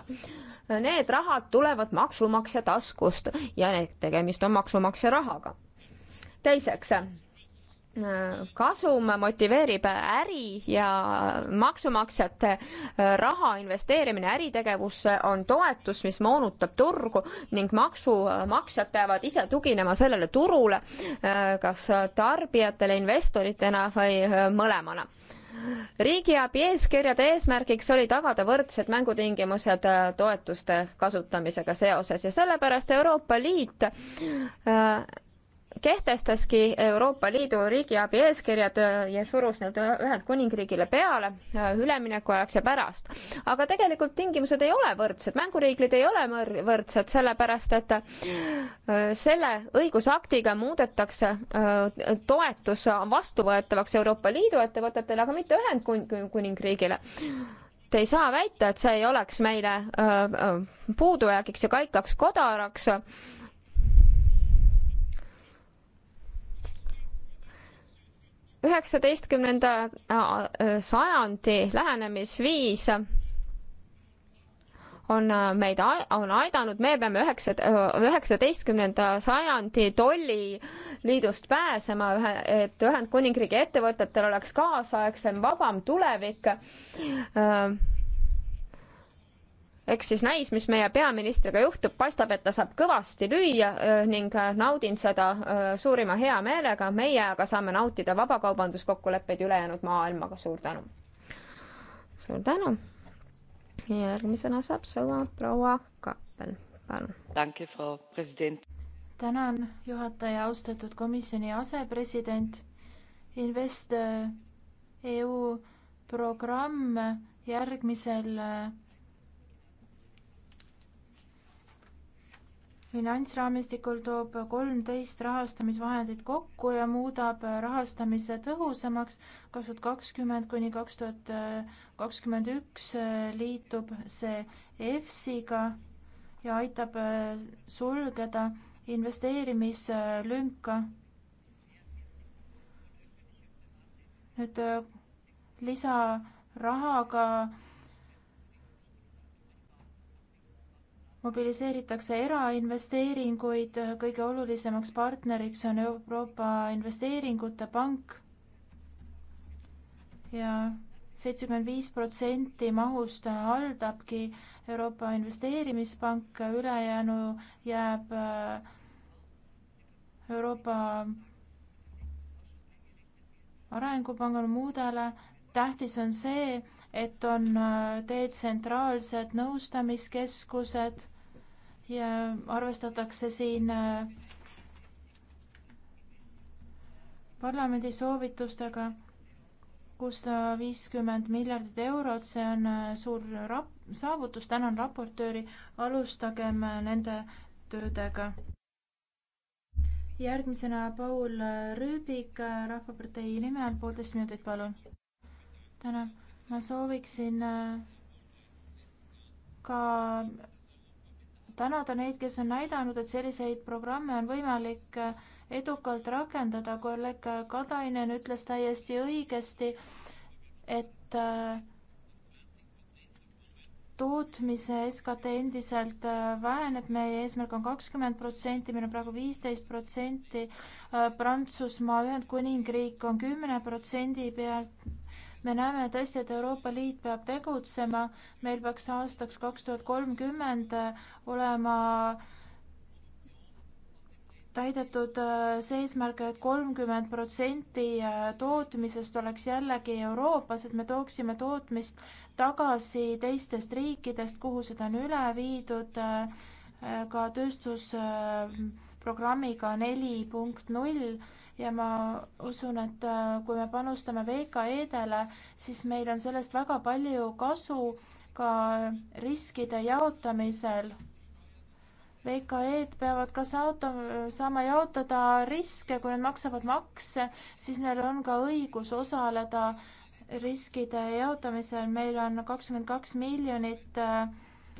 need rahad tulevad maksumaksja taskust ja need tegemist on maksumaksja rahaga. teiseks, kasum motiveerib äri ja maksumaksjate äh, raha investeerimine äritegevusse on toetus, mis moonutab turgu ning maksumaksjad peavad ise tuginema sellele turule, äh, kas tarbijatele, investoritena või äh, mõlemana riigiabi eeskirjade eesmärgiks oli tagada võrdsed mängutingimused toetuste kasutamisega seoses ja sellepärast Euroopa Liit kehtestaski Euroopa Liidu riigiabi eeskirjad ja surus need Ühendkuningriigile peale üleminekuajaks ja pärast. aga tegelikult tingimused ei ole võrdsed, mängureeglid ei ole võrdsed, sellepärast et äh, selle õigusaktiga muudetakse äh, toetus vastuvõetavaks Euroopa Liidu ettevõtetele, aga mitte Ühendkuningriigile et ei saa väita, et see ei oleks meile öö, äh, öö, puudujäägiks ja kaikaks kodaraks üheksateistkümnenda äh, äh, sajandi lähenemisviis on äh, meid, on aidanud, me peame üheksa, üheksateistkümnenda sajandi tolliliidust pääsema, ühe, et Ühendkuningriigi ettevõtetel oleks kaasaegsem, vabam tulevik eks siis näis, mis meie peaministriga juhtub, paistab, et ta saab kõvasti lüüa äh, ning äh, naudin seda äh, suurima heameelega, meie aga saame nautida vabakaubanduskokkuleppeid ülejäänud maailmaga, suur tänu. suur tänu. järgmisena saab sõna proua Kappel, palun. tänan, juhataja, austatud komisjoni asepresident. Invest EU programm järgmisel finantsraamistikul toob kolmteist rahastamisvahendit kokku ja muudab rahastamise tõhusamaks. kaks tuhat kakskümmend kuni kaks tuhat äh, kakskümmend üks äh, liitub see EFSiga ja aitab äh, sulgeda investeerimislünka. nüüd lisarahaga mobiliseeritakse erainvesteeringuid, kõige olulisemaks partneriks on Euroopa Investeeringute Pank ja seitsekümmend viis protsenti mahust haldabki Euroopa Investeerimispank, ülejäänu jääb äh, Euroopa Arengupangale, muudele. tähtis on see, et on äh, detsentraalsed nõustamiskeskused ja arvestatakse siin äh, parlamendi soovitustega kuussada viiskümmend miljardit eurot, see on äh, suur rap-, saavutus, tänan raportööri, alustagem äh, nende töödega. järgmisena Paul Rüübik Rahvapartei nimel, poolteist minutit, palun. tänan, ma sooviksin ka tänada neid, kes on näidanud, et selliseid programme on võimalik äh, edukalt rakendada. kolleeg Katainen ütles täiesti õigesti, et äh, tootmise SKT endiselt äh, väheneb, meie eesmärk on kakskümmend protsenti, meil on praegu viisteist protsenti, Prantsusmaa, Ühendkuningriik on kümne protsendi pealt me näeme tõesti, et Euroopa Liit peab tegutsema, meil peaks aastaks kaks tuhat kolmkümmend olema täidetud äh, see eesmärk, et kolmkümmend protsenti äh, tootmisest oleks jällegi Euroopas, et me tooksime tootmist tagasi teistest riikidest, kuhu seda on üle viidud äh, ka tööstusprogrammiga neli punkt null ja ma usun, et äh, kui me panustame VKE-dele, siis meil on sellest väga palju kasu ka riskide jaotamisel. VKE-d peavad ka saata, saama jaotada riske, kui nad maksavad makse, siis neil on ka õigus osaleda riskide jaotamisel. meil on kakskümmend kaks miljonit äh,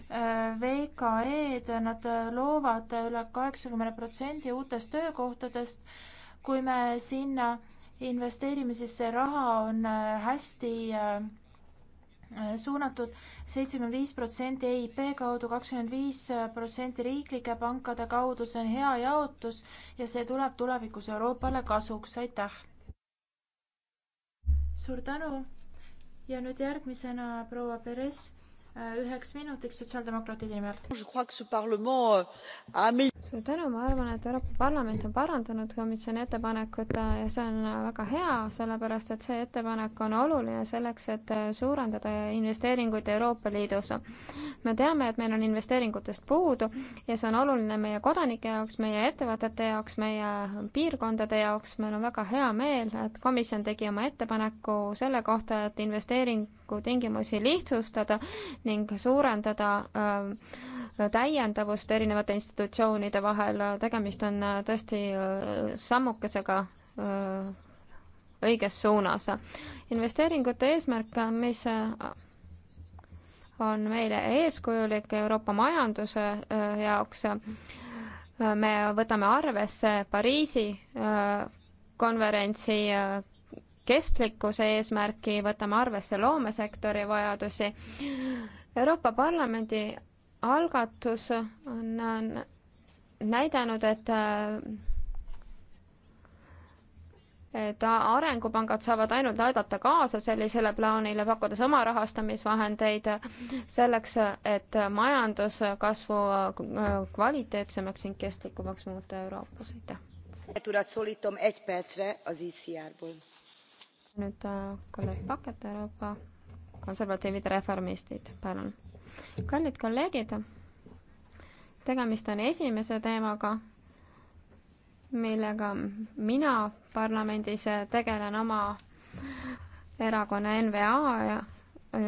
äh, VKE-d, nad loovad üle kaheksakümne protsendi uutest töökohtadest kui me sinna investeerime, siis see raha on äh, hästi äh, äh, suunatud seitsekümmend viis protsenti EIB kaudu, kakskümmend viis protsenti riiklike pankade kaudu, see on hea jaotus ja see tuleb tulevikus Euroopale kasuks, aitäh! suur tänu ja nüüd järgmisena proua Perez Äh, üheks minutiks sotsiaaldemokraatide nimel. Euh, suur tänu, ma arvan, et Euroopa Parlament on parandanud komisjoni ettepanekut ja see on väga hea, sellepärast et see ettepanek on oluline selleks, et suurendada investeeringuid Euroopa Liidus. me teame, et meil on investeeringutest puudu ja see on oluline meie kodanike jaoks, meie ettevõtete jaoks, meie piirkondade jaoks, meil on väga hea meel, et komisjon tegi oma ettepaneku selle kohta, et investeering tingimusi lihtsustada ning suurendada äh, täiendavust erinevate institutsioonide vahel, tegemist on äh, tõesti äh, sammukesega õiges suunas. investeeringute eesmärk, mis on meile eeskujulik Euroopa majanduse jaoks, me võtame arvesse Pariisi konverentsi kestlikkuse eesmärki, võtame arvesse loomesektori vajadusi. Euroopa Parlamendi algatus on, on näidanud, et et arengupangad saavad ainult aidata kaasa sellisele plaanile, pakkudes oma rahastamisvahendeid selleks, et majanduskasvu kvaliteetsemaks ning kestlikumaks muuta Euroopas, aitäh nüüd äh, kolleeg Paket, Euroopa konservatiivide reformistid, palun. kallid kolleegid, tegemist on esimese teemaga, millega mina parlamendis tegelen oma erakonna NVA äh,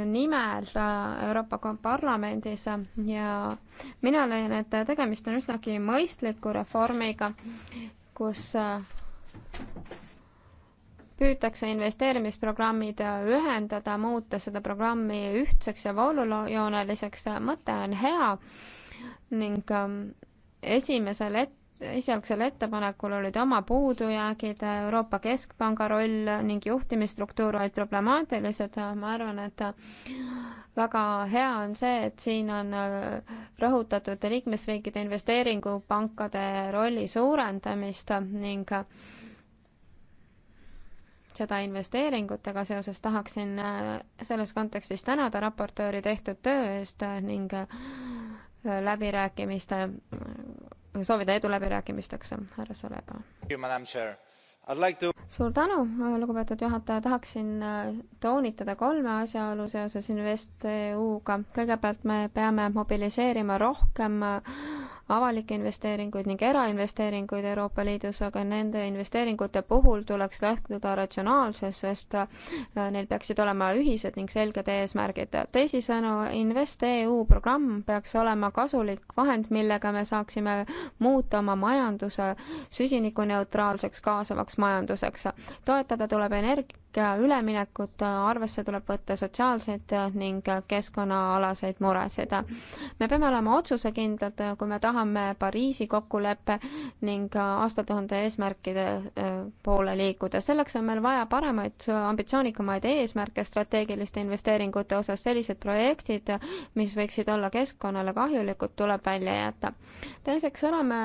nimel äh, Euroopa Parlamendis ja mina leian, et tegemist on üsnagi mõistliku reformiga, kus püütakse investeerimisprogrammid ühendada, muuta seda programmi ühtseks ja voolujooneliseks, mõte on hea ning ähm, esimesel et-, esialgsel ettepanekul olid oma puudujäägid, Euroopa Keskpanga roll ning juhtimisstruktuur olid problemaatilised, ma arvan, et väga hea on see, et siin on äh, rõhutatud liikmesriikide investeeringupankade rolli suurendamist ning seda investeeringut, aga seoses tahaksin äh, selles kontekstis tänada raportööri tehtud töö eest äh, ning äh, läbirääkimiste, soovida edu läbirääkimisteks, härra Soleba. Like to... suur tänu, lugupeetud juhataja, tahaksin toonitada kolme asjaolu seoses InvestEU-ga. kõigepealt me peame mobiliseerima rohkem äh, avalikke investeeringuid ning erainvesteeringuid Euroopa Liidus, aga nende investeeringute puhul tuleks lähtuda ratsionaalsusest, äh, neil peaksid olema ühised ning selged eesmärgid. teisisõnu, InvestEU programm peaks olema kasulik vahend, millega me saaksime muuta oma majanduse süsinikuneutraalseks kaasavaks majanduseks. toetada tuleb energia üleminekut, arvesse tuleb võtta sotsiaalseid ning keskkonnaalaseid muresid. me peame olema otsusekindlad, kui me tahame tahame Pariisi kokkuleppe ning aastatuhande eesmärkide äh, poole liikuda. selleks on meil vaja paremaid, ambitsioonikamaid eesmärke strateegiliste investeeringute osas. sellised projektid, mis võiksid olla keskkonnale kahjulikud, tuleb välja jätta. teiseks oleme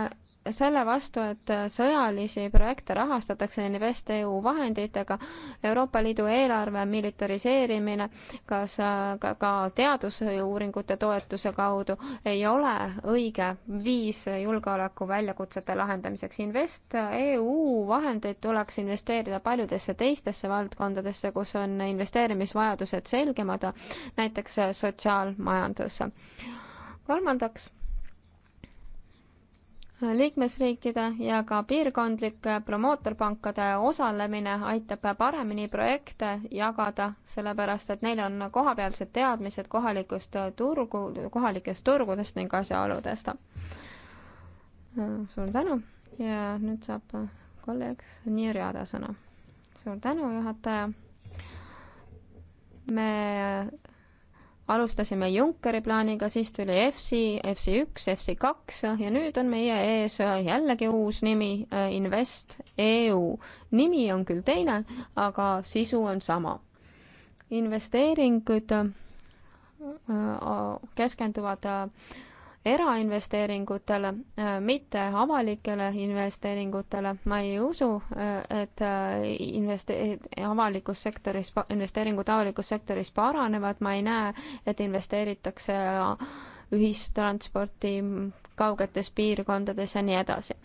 selle vastu, et sõjalisi projekte rahastatakse InvestEU vahenditega, Euroopa Liidu eelarve militariseerimine, kas ka, ka teadusuuringute toetuse kaudu ei ole õige viis julgeoleku väljakutsete lahendamiseks. InvestEU vahendeid tuleks investeerida paljudesse teistesse valdkondadesse, kus on investeerimisvajadused selgemad, näiteks sotsiaalmajandus. kolmandaks liikmesriikide ja ka piirkondlike promootorpankade osalemine aitab paremini projekte jagada, sellepärast et neil on kohapealsed teadmised kohalikust turgu, kohalikest turgudest ning asjaoludest. suur tänu ja nüüd saab kolleeg Nii Reada sõna. suur tänu, juhataja. me alustasime Junckeri plaaniga, siis tuli EFSI, EFSI üks, EFSI kaks ja nüüd on meie ees äh, jällegi uus nimi, äh, Invest EU. nimi on küll teine, aga sisu on sama. investeeringud äh, keskenduvad erainvesteeringutele, äh, mitte avalikele investeeringutele. ma ei usu, äh, et äh, investe-, avalikus sektoris, investeeringud avalikus sektoris paranevad, ma ei näe, et investeeritakse ühistransporti kaugetes piirkondades ja nii edasi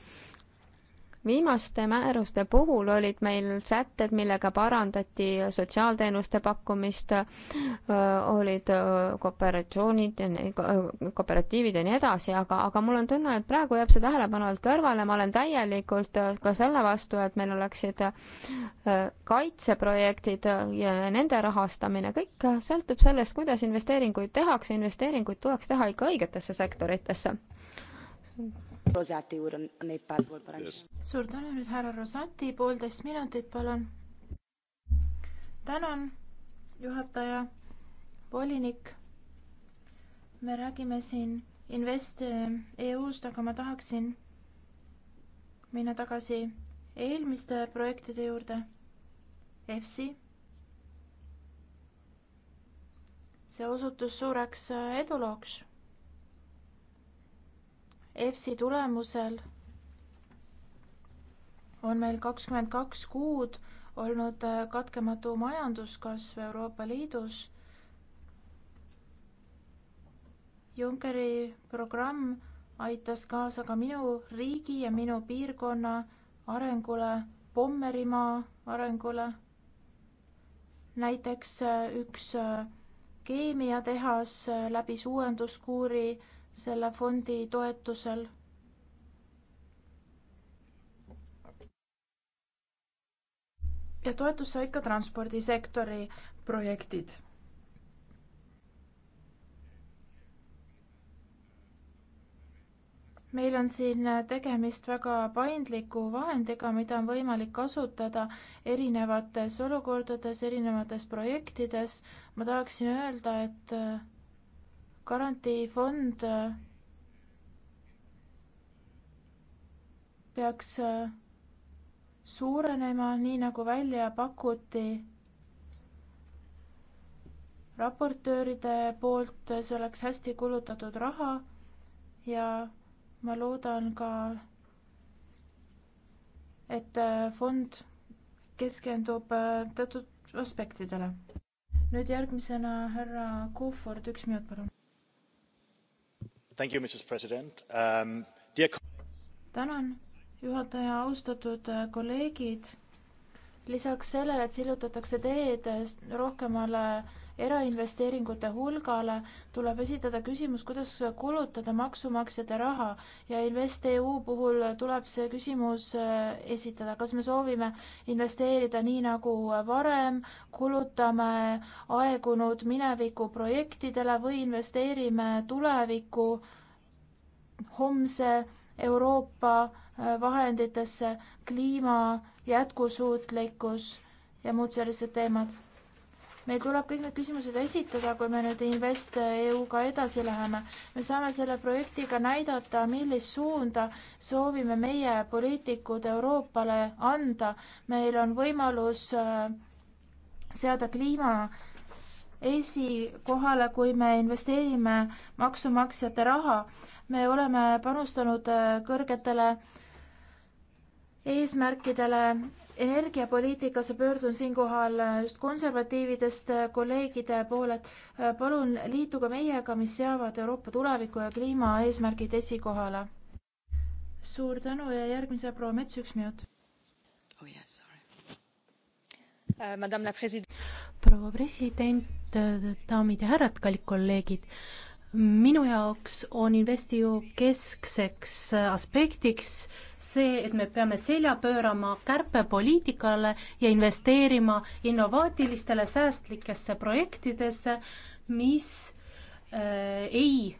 viimaste määruste puhul olid meil sätted, millega parandati sotsiaalteenuste pakkumist, olid kooperatsioonid, kooperatiivid ja nii edasi, aga, aga mul on tunne, et praegu jääb see tähelepanu alt kõrvale, ma olen täielikult ka selle vastu, et meil oleksid kaitseprojektid ja nende rahastamine, kõik sõltub sellest, kuidas investeeringuid tehakse, investeeringuid tuleks teha ikka õigetesse sektoritesse Rosati on neid päev pool parem yes.. suur tänu nüüd härra Rosati, poolteist minutit, palun. tänan, juhataja, volinik. me räägime siin Invest EU-st, aga ma tahaksin minna tagasi eelmiste projektide juurde. EFSI. see osutus suureks edulooks EFSi tulemusel on meil kakskümmend kaks kuud olnud äh, katkematu majanduskasv Euroopa Liidus. Junckeri programm aitas kaasa ka minu riigi ja minu piirkonna arengule, Pommerimaa arengule. näiteks äh, üks äh, keemiatehas läbis uuenduskuuri selle fondi toetusel. ja toetust said ka transpordisektori projektid meil on siin tegemist väga paindliku vahendiga, mida on võimalik kasutada erinevates olukordades, erinevates projektides. ma tahaksin öelda, et garantiifond äh, peaks äh, suurenema nii nagu välja pakuti raportööride poolt äh, see oleks hästi kulutatud raha ja ma loodan ka et fond keskendub teatud aspektidele nüüd järgmisena härra Kofod üks minut palun Um, tänan, juhataja, austatud äh, kolleegid. lisaks sellele, et sillutatakse teed rohkemale erainvesteeringute hulgale tuleb esitada küsimus kuidas kulutada maksumaksjate raha ja investeu puhul tuleb see küsimus äh, esitada kas me soovime investeerida nii nagu varem kulutame aegunud mineviku projektidele või investeerime tulevikku homse euroopa äh, vahenditesse kliima jätkusuutlikkus ja muud sellised teemad meil tuleb kõik need küsimused esitada, kui me nüüd Invest EU-ga edasi läheme. me saame selle projektiga näidata, millist suunda soovime meie, poliitikud, Euroopale anda. meil on võimalus äh, seada kliima esikohale, kui me investeerime maksumaksjate raha. me oleme panustanud äh, kõrgetele eesmärkidele energiapoliitikas ja pöördun siinkohal just konservatiividest kolleegide poole, et äh, palun liituge meiega, mis seavad Euroopa tuleviku ja kliimaeesmärgid esikohale. suur tänu ja järgmise proua Mets, üks minut oh,. Yes, äh, proua president, äh, daamid ja härrad, kallid kolleegid minu jaoks on Investio keskseks äh, aspektiks see, et me peame selja pöörama kärpepoliitikale ja investeerima innovaatilistele säästlikesse projektidesse, mis äh, ei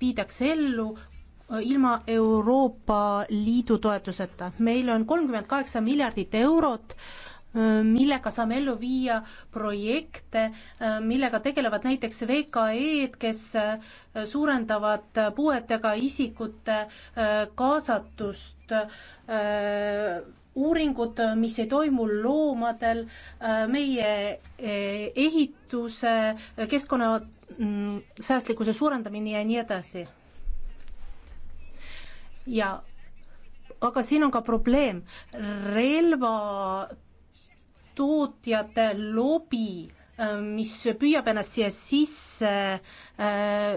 viidaks ellu äh, ilma Euroopa Liidu toetuseta. meil on kolmkümmend kaheksa miljardit eurot äh, millega saame ellu viia projekte, millega tegelevad näiteks VKE-d, kes äh, suurendavad puuetega isikute äh, kaasatust, äh, uuringud, mis ei toimu loomadel, meie ehituse, keskkonna mm, säästlikkuse suurendamine ja nii edasi. ja aga siin on ka probleem, relva tootjate lobi, äh, mis püüab ennast siia sisse äh,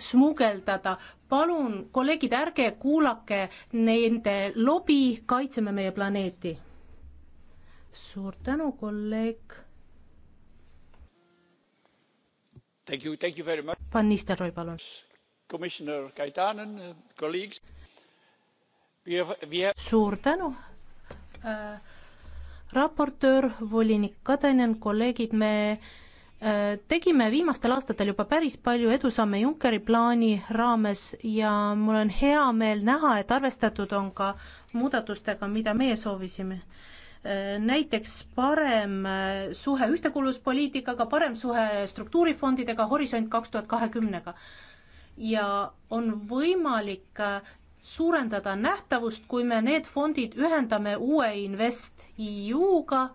smugeldada. palun, kolleegid, ärge kuulake nende lobi, kaitseme meie planeeti. suur tänu, kolleeg. Thank you, thank you very much. Van Nistelrooy, palun. Commissioner Kaitanen, uh, colleagues. We have, we have. suur tänu äh, raportöör, volinik Kadanen, kolleegid, me äh, tegime viimastel aastatel juba päris palju edusamme Junckeri plaani raames ja mul on hea meel näha, et arvestatud on ka muudatustega, mida meie soovisime. Äh, näiteks parem äh, suhe ühtekuuluvuspoliitikaga, parem suhe struktuurifondidega, Horisont kaks tuhat kahekümnega ja on võimalik suurendada nähtavust, kui me need fondid ühendame uue InvestEU-ga.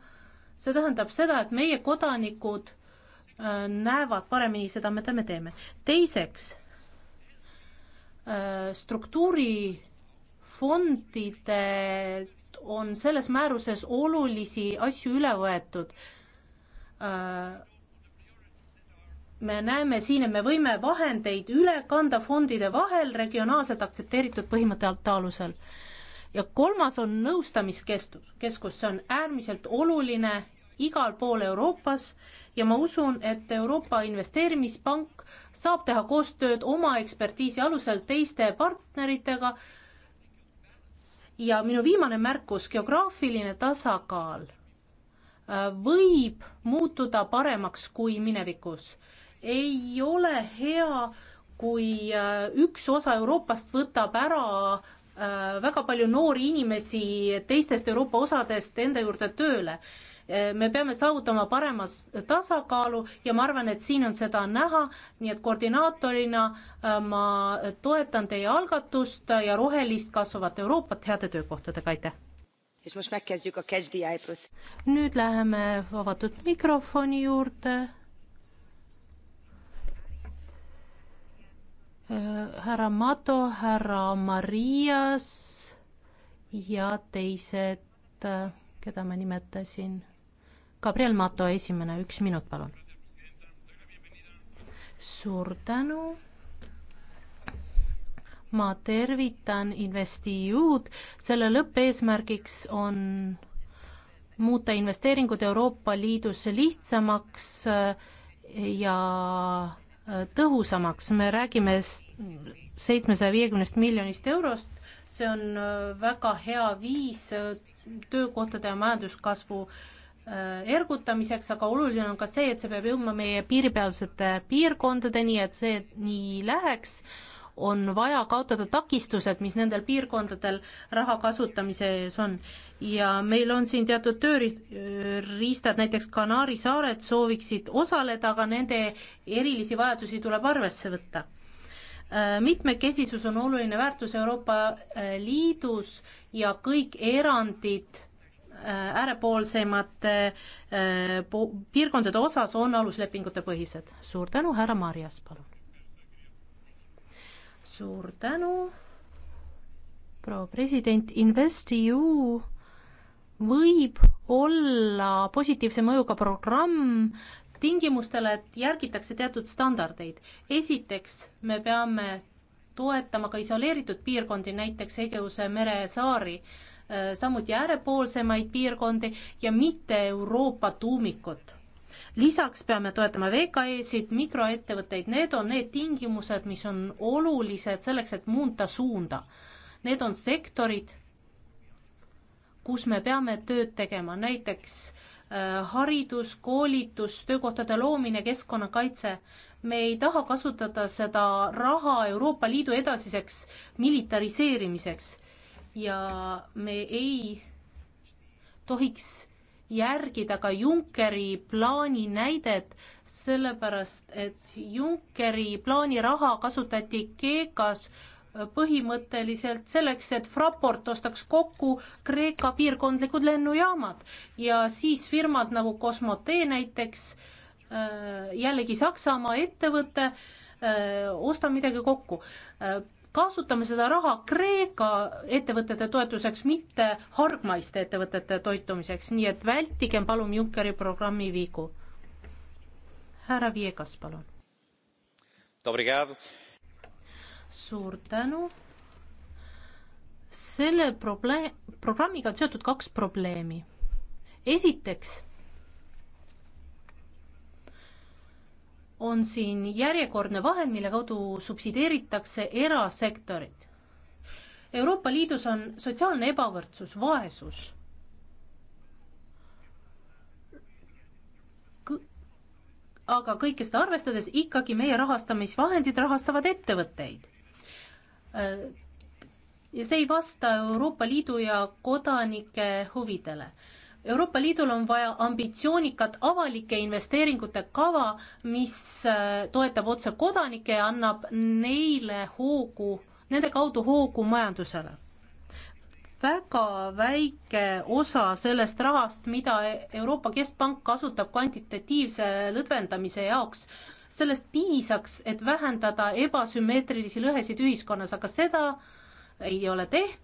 see tähendab seda, et meie kodanikud äh, näevad paremini seda, mida me teeme. teiseks, äh, struktuurifondidelt on selles määruses olulisi asju üle võetud äh, me näeme siin, et me võime vahendeid üle kanda fondide vahel regionaalselt aktsepteeritud põhimõtete alusel. ja kolmas on nõustamiskeskus, keskus, see on äärmiselt oluline igal pool Euroopas ja ma usun, et Euroopa Investeerimispank saab teha koostööd oma ekspertiisi alusel teiste partneritega. ja minu viimane märkus, geograafiline tasakaal äh, võib muutuda paremaks kui minevikus ei ole hea, kui äh, üks osa Euroopast võtab ära äh, väga palju noori inimesi teistest Euroopa osadest enda juurde tööle. Äh, me peame saavutama parema tasakaalu ja ma arvan, et siin on seda näha, nii et koordinaatorina ma toetan teie algatust ja rohelist kasvavat Euroopat heade töökohtadega, aitäh! nüüd läheme vabatud mikrofoni juurde härra Mato, härra Marias ja teised, keda ma nimetasin. Gabriel Mato esimene, üks minut, palun. suur tänu. ma tervitan InvestEU-d, selle lõppeesmärgiks on muuta investeeringud Euroopa Liidus lihtsamaks ja tõhusamaks, me räägime seitsmesaja viiekümnest miljonist eurost, see on äh, väga hea viis äh, töökohtade ja majanduskasvu äh, ergutamiseks, aga oluline on ka see, et see peab jõudma meie piiripealsete piirkondadeni, et see nii läheks on vaja kaotada takistused, mis nendel piirkondadel raha kasutamise ees on. ja meil on siin teatud tööriistad, näiteks Kanaari saared sooviksid osaleda, aga nende erilisi vajadusi tuleb arvesse võtta äh, mitmekesisus on oluline väärtus Euroopa äh, Liidus ja kõik erandid äh, äärepoolsemate piirkondade osas on aluslepingute põhised. suur tänu, härra Marjas, palun suur tänu, proua president, InvestEU võib olla positiivse mõjuga programm tingimustele, et järgitakse teatud standardeid. esiteks, me peame toetama ka isoleeritud piirkondi, näiteks Egeuse mere saari, äh, samuti äärepoolsemaid piirkondi ja mitte Euroopa tuumikut lisaks peame toetama VKE-sid, mikroettevõtteid, need on need tingimused, mis on olulised selleks, et muunda suunda. Need on sektorid, kus me peame tööd tegema, näiteks äh, haridus, koolitus, töökohtade loomine, keskkonnakaitse. me ei taha kasutada seda raha Euroopa Liidu edasiseks militariseerimiseks ja me ei tohiks järgida ka Junckeri plaani näidet, sellepärast et Junckeri plaani raha kasutati Kreekas põhimõtteliselt selleks, et Fraport ostaks kokku Kreeka piirkondlikud lennujaamad ja siis firmad nagu Cosmotee näiteks, äh, jällegi Saksamaa ettevõte, äh, osta midagi kokku. Äh, kasutame seda raha Kreeka ettevõtete toetuseks, mitte hargmaiste ettevõtete toitumiseks, nii et vältigem palun Junckeri programmi vigu. härra Viegas, palun. suur tänu. selle probleem, programmiga on seotud kaks probleemi. esiteks on siin järjekordne vahend, mille kaudu subsideeritakse erasektorit. Euroopa Liidus on sotsiaalne ebavõrdsus, vaesus K. aga kõike seda arvestades ikkagi meie rahastamisvahendid rahastavad ettevõtteid. Äh, ja see ei vasta Euroopa Liidu ja kodanike huvidele Euroopa Liidul on vaja ambitsioonikat avalike investeeringute kava, mis äh, toetab otse kodanikke ja annab neile hoogu, nende kaudu hoogu majandusele väga väike osa sellest rahast, mida Euroopa Keskpank kasutab kvantitatiivse lõdvendamise jaoks, sellest piisaks, et vähendada ebasümmeetrilisi lõhesid ühiskonnas, aga seda ei ole tehtud.